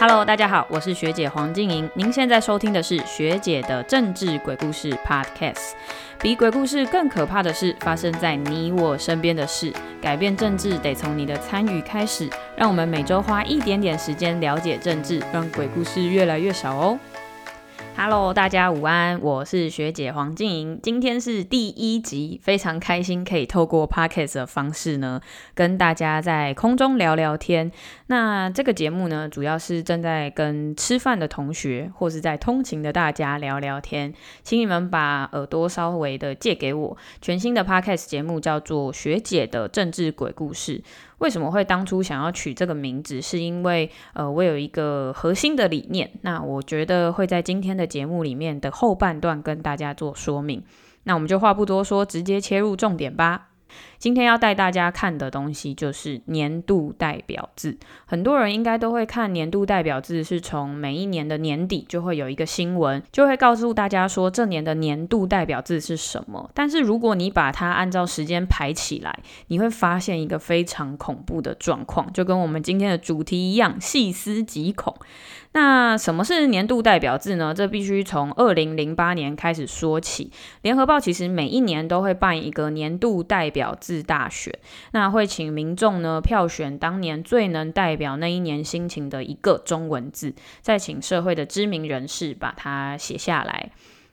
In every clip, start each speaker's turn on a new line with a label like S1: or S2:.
S1: 哈嘍，大家好，我是學姐黃靜瑩。您現在收聽的是學姐的政治鬼故事 Podcast。比鬼故事更可怕的是發生在你我身邊的事。改變政治得從你的參與開始。讓我們每周花一點點時間了解政治，讓鬼故事越來越少哦。Hello，大家午安，我是學姐黃靜瑩，今天是第一集，非常開心可以透過 Podcast 的方式呢，跟大家在空中聊聊天。那這個節目呢，主要是正在跟吃飯的同學，或是在通勤的大家聊聊天，請你們把耳朵稍微的借給我。全新的 Podcast 節目叫做《學姐的政治鬼故事》，為什麼會當初想要取這個名字？是因為呃，我有一個核心的理念，那我覺得會在今天的。節目裡面的後半段跟大家做說明，那我們就話不多說，直接切入重點吧。今天要帶大家看的東西就是年度代表字，很多人應該都會看年度代表字，是從每一年的年底就會有一個新聞，就會告訴大家說這年的年度代表字是什麼。但是如果你把它按照時間排起來，你會發現一個非常恐怖的狀況，就跟我們今天的主題一樣，細思極恐。那什麼是年度代表字呢？這必須從二零零八年開始說起。聯合報其實每一年都會辦一個年度代表。表字大選，那會請民眾呢，票選當年最能代表那一年心情的一個中文字，再請社會的知名人士把它寫下來。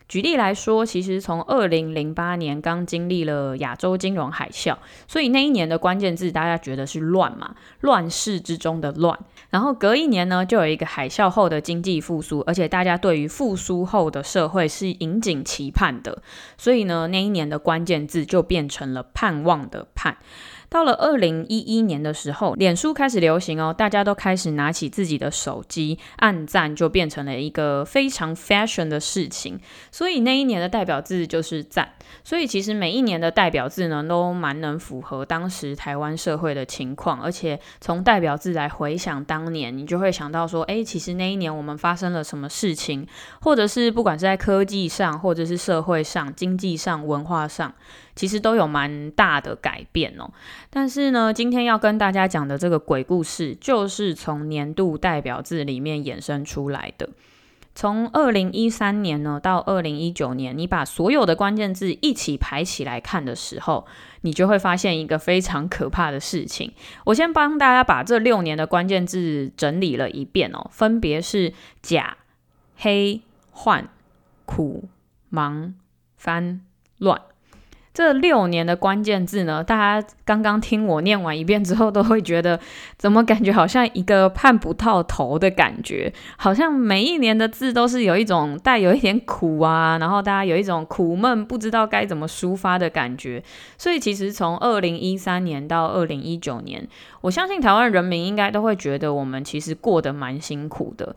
S1: 舉例來說，其實從二零零八年剛經歷了亞洲金融海嘯，所以那一年的關鍵字大家覺得是亂嘛，亂世之中的亂。然後隔一年呢，就有一個海嘯後的經濟復蘇，而且大家對於復蘇後的社會是引頸期盼的，所以呢，那一年的關鍵字就變成了盼望的盼。到了二零一一年的時候，臉書開始流行哦，大家都開始拿起自己的手機，按讚就變成了一個非常 fashion 的事情。所以那一年的代表字就是讚。所以其實每一年的代表字呢，都蠻能符合當時台灣社會的情況。而且從代表字來回想當年，你就會想到說，哎，其實那一年我們發生了什麼事情，或者是不管是在科技上，或者是社會上、經濟上、文化上。其實都有蠻大的改變哦。但是呢，今天要跟大家講的這個鬼故事，就是從年度代表字裡面衍生出來的。從二零一三年呢到二零一九年，你把所有的關鍵字一起排起來看的時候，你就會發現一個非常可怕的事情。我先幫大家把這六年的關鍵字整理了一遍哦，分別是假、黑、換、苦、茫、翻、亂。這六年的關鍵字呢，大家剛剛聽我念完一遍之後，都會覺得怎麼感覺好像一個盼不到頭的感覺，好像每一年的字都是有一種帶有一點苦啊，然後大家有一種苦悶，不知道該怎麼抒發的感覺。所以其實從二零一三年到二零一九年，我相信台灣人民應該都會覺得我們其實過得蠻辛苦的。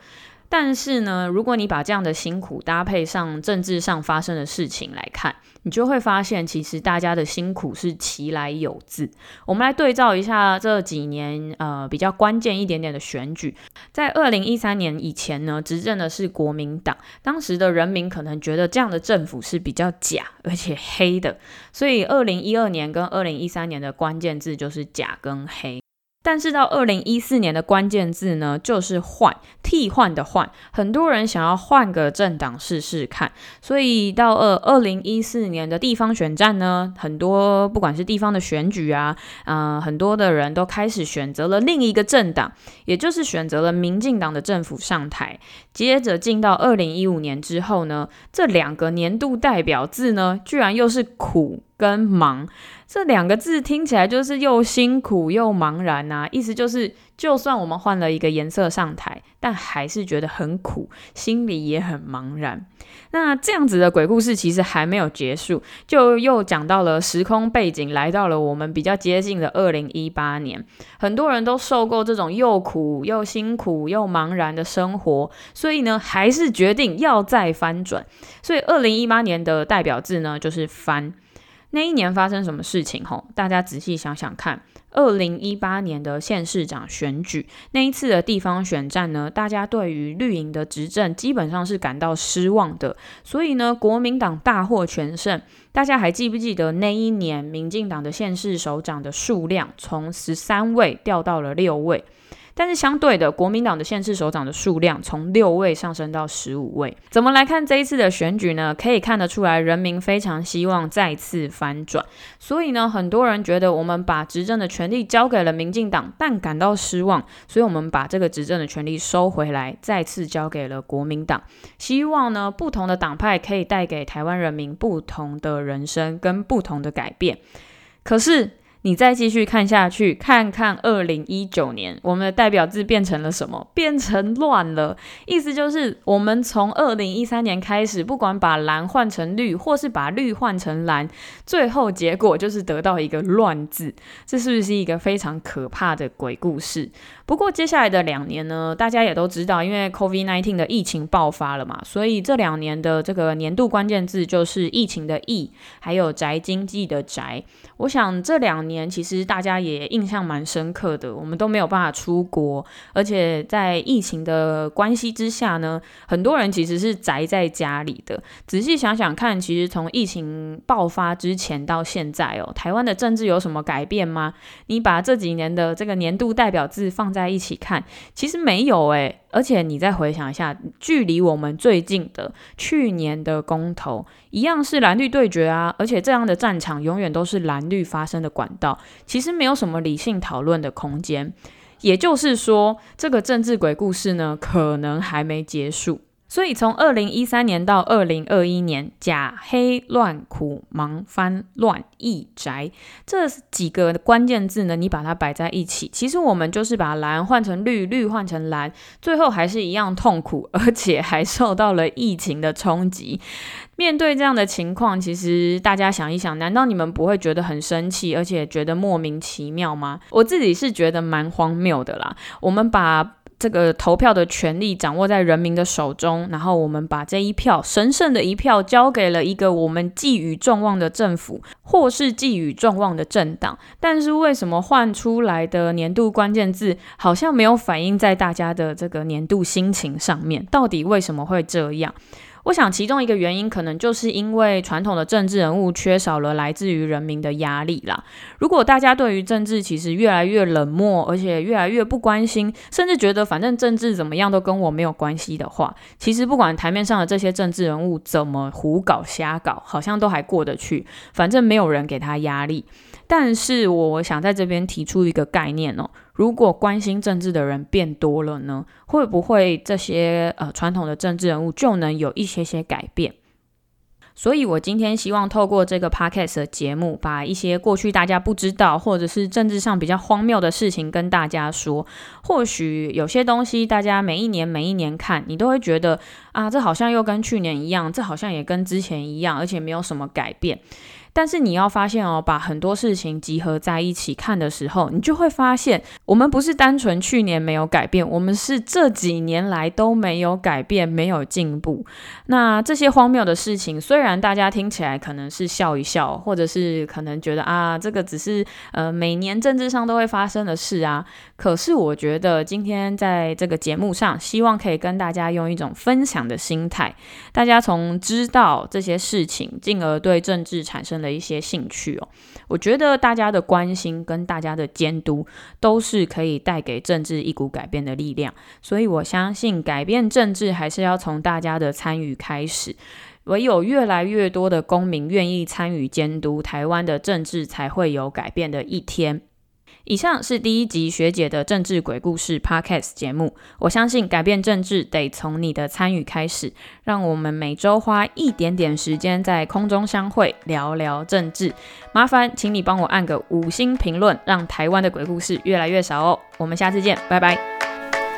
S1: 但是呢，如果你把這樣的辛苦搭配上政治上發生的事情來看，你就會發現，其實大家的辛苦是其來有自，我們來對照一下這幾年，呃，比較關鍵一點點的選舉。在二零一三年以前呢，執政的是國民黨，當時的人民可能覺得這樣的政府是比較假而且黑的，所以二零一二年跟二零一三年的關鍵字就是“假”跟“黑”。但是到二零一四年的關鍵字呢，就是換，替換的換。很多人想要換個政黨試試看，所以到二二零一四年的地方選戰呢，很多不管是地方的選舉啊，嗯、呃，很多的人都開始選擇了另一個政黨，也就是選擇了民進黨的政府上台。接着進到二零一五年之後呢，這兩個年度代表字呢，居然又是苦跟茫。這兩個字聽起來就是又辛苦又茫然吶、啊，意思就是，就算我們換了一個顏色上台，但還是覺得很苦，心裡也很茫然。那這樣子的鬼故事其實還沒有結束，就又講到了時空背景，來到了我們比較接近的二零一八年，很多人都受夠這種又苦又辛苦又茫然的生活，所以呢，還是決定要再翻轉。所以二零一八年的代表字呢，就是翻。那一年發生什麼事情？吼，大家仔細想想看，二零一八年的縣市長選舉，那一次的地方選戰呢，大家對於綠營的執政基本上是感到失望的，所以呢，國民黨大獲全勝。大家還記不記得那一年，民進黨的縣市首長的數量從十三位掉到了六位？但是相對的，國民黨的縣市首長的數量從六位上升到十五位。怎麼來看這一次的選舉呢？可以看得出來，人民非常希望再次翻轉。所以呢，很多人覺得我們把執政的權力交給了民進黨，但感到失望。所以我們把這個執政的權力收回來，再次交給了國民黨。希望呢，不同的黨派可以帶給台灣人民不同的人生跟不同的改變。可是。你再繼續看下去，看看二零一九年我們的代表字變成了什麼？變成亂了，意思就是我們從二零一三年開始，不管把藍換成綠，或是把綠換成藍，最後結果就是得到一個亂字。這是不是一個非常可怕的鬼故事？不過接下來的兩年呢，大家也都知道，因為 COVID-19 的疫情爆發了嘛，所以這兩年的這個年度關鍵字就是疫情的疫，還有宅經濟的宅。我想這兩年。年其實大家也印象蠻深刻的，我們都沒有辦法出國，而且在疫情的關係之下呢，很多人其實是宅在家裡的。仔細想想看，其實從疫情爆發之前到現在哦，台灣的政治有什麼改變嗎？你把這幾年的這個年度代表字放在一起看，其實沒有欸。而且你再回想一下，距離我們最近的去年的公投，一樣是藍綠對決啊！而且這樣的戰場永遠都是藍綠發生的管道，其實沒有什麼理性討論的空間。也就是說，這個政治鬼故事呢，可能還沒結束。所以從二零一三年到二零二一年，假、黑、換、苦、茫、翻、亂、疫、宅這幾個關鍵字呢，你把它擺在一起，其實我們就是把藍換成綠，綠換成藍，最後還是一樣痛苦，而且還受到了疫情的衝擊。面對這樣的情況，其實大家想一想，難道你們不會覺得很生氣，而且覺得莫名其妙嗎？我自己是覺得蠻荒謬的啦。我們把這個投票的權利掌握在人民的手中，然後我們把這一票神聖的一票交給了一個我們寄予眾望的政府，或是寄予眾望的政黨。但是為什麼換出來的年度關鍵字好像沒有反映在大家的這個年度心情上面？到底為什麼會這樣？我想，其中一個原因可能就是因為傳統的政治人物缺少了來自於人民的壓力啦。如果大家對於政治其實越來越冷漠，而且越來越不關心，甚至覺得反正政治怎麼樣都跟我沒有關係的話，其實不管台面上的這些政治人物怎麼胡搞瞎搞，好像都還過得去，反正沒有人給他壓力。但是，我想在這邊提出一個概念哦。如果關心政治的人變多了呢，會不會這些呃傳統的政治人物就能有一些些改變？所以我今天希望透過這個 podcast 的節目，把一些過去大家不知道或者是政治上比較荒謬的事情跟大家說。或許有些東西大家每一年每一年看，你都會覺得啊，這好像又跟去年一樣，這好像也跟之前一樣，而且沒有什麼改變。但是你要發現哦，把很多事情集合在一起看的時候，你就會發現，我們不是單純去年沒有改變，我們是這幾年來都沒有改變、沒有進步。那這些荒謬的事情，雖然大家聽起來可能是笑一笑，或者是可能覺得啊，這個只是呃每年政治上都會發生的事啊。可是我覺得今天在這個節目上，希望可以跟大家用一種分享的心態，大家從知道這些事情，進而對政治產生的一些興趣哦，我覺得大家的關心跟大家的監督都是可以帶給政治一股改變的力量，所以我相信改變政治還是要從大家的參與開始，唯有越來越多的公民願意參與監督，台灣的政治才會有改變的一天。以上是第一集學姐的政治鬼故事 Podcast 節目。我相信改變政治得從你的參與開始，讓我們每周花一點點時間在空中相會，聊聊政治。麻煩請你幫我按個五星評論，讓台灣的鬼故事越來越少哦。我們下次見，拜拜。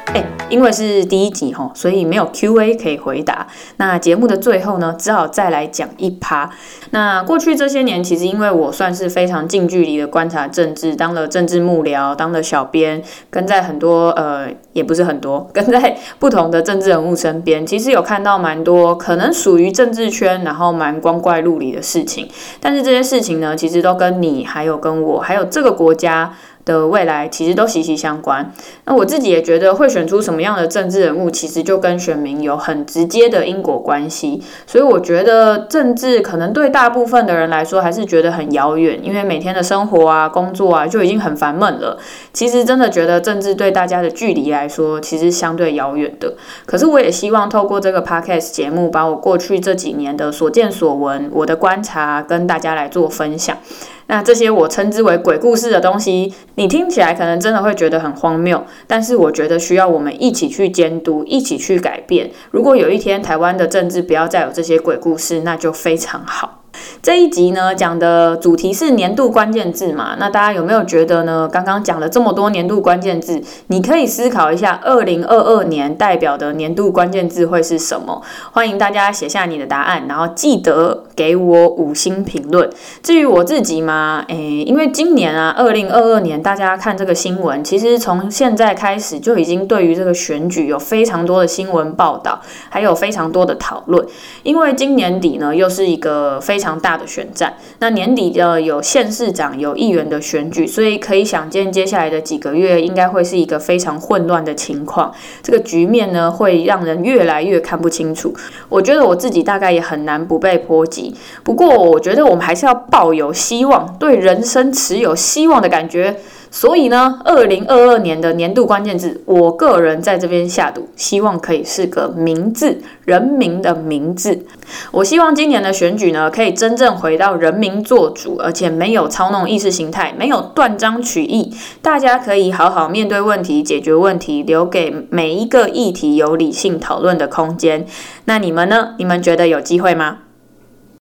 S1: 欸，因為是第一集齁，所以沒有 Q A 可以回答。那節目的最後呢，只好再來講一趴。那過去這些年，其實因為我算是非常近距離的觀察政治，當了政治幕僚，當了小編，跟在很多呃，也不是很多，跟在不同的政治人物身邊，其實有看到蠻多可能屬於政治圈，然後蠻光怪陸離的事情。但是這些事情呢，其實都跟你，還有跟我，還有這個國家，的未來其實都息息相關。那我自己也覺得，會選出什麼樣的政治人物，其實就跟選民有很直接的因果關係。所以我覺得，政治可能對大部分的人來說還是覺得很遙遠，因為每天的生活啊、工作啊就已經很煩悶了。其實真的覺得，政治對大家的距離來說，其實相對遙遠的。可是我也希望透過這個 Podcast 節目，把我過去這幾年的所見所聞、我的觀察，跟大家來做分享。那這些我稱之為鬼故事的東西，你聽起來可能真的會覺得很荒謬，但是我覺得需要我們一起去監督，一起去改變。如果有一天台灣的政治不要再有這些鬼故事，那就非常好。這一集呢，講的主題是年度關鍵字嘛，那大家有沒有覺得呢？剛剛講了這麼多年度關鍵字，你可以思考一下，二零二二年代表的年度關鍵字會是什麼？歡迎大家寫下你的答案，然後記得給我五星評論。至於我自己嘛，誒、欸，因為今年啊，二零二二年，大家看這個新聞，其實從現在開始就已經對於這個選舉有非常多的新聞報道，還有非常多的討論。因為今年底呢，又是一個非常大的選戰，那年底的有縣市長、有議員的選舉，所以可以想見，接下來的幾個月應該會是一個非常混亂的情況。這個局面呢，會讓人越來越看不清楚。我覺得我自己大概也很難不被波及。不過，我覺得我們還是要抱有希望，對人生持有希望的感覺。所以呢，二零二二年的年度關鍵字，我個人在這邊下賭，希望可以是個名字，人民的名字。我希望今年的選舉呢，可以真正回到人民做主，而且沒有操弄意識形態，沒有斷章取義。大家可以好好面對問題，解決問題，留給每一個議題有理性討論的空間。那你們呢？你們覺得有機會嗎？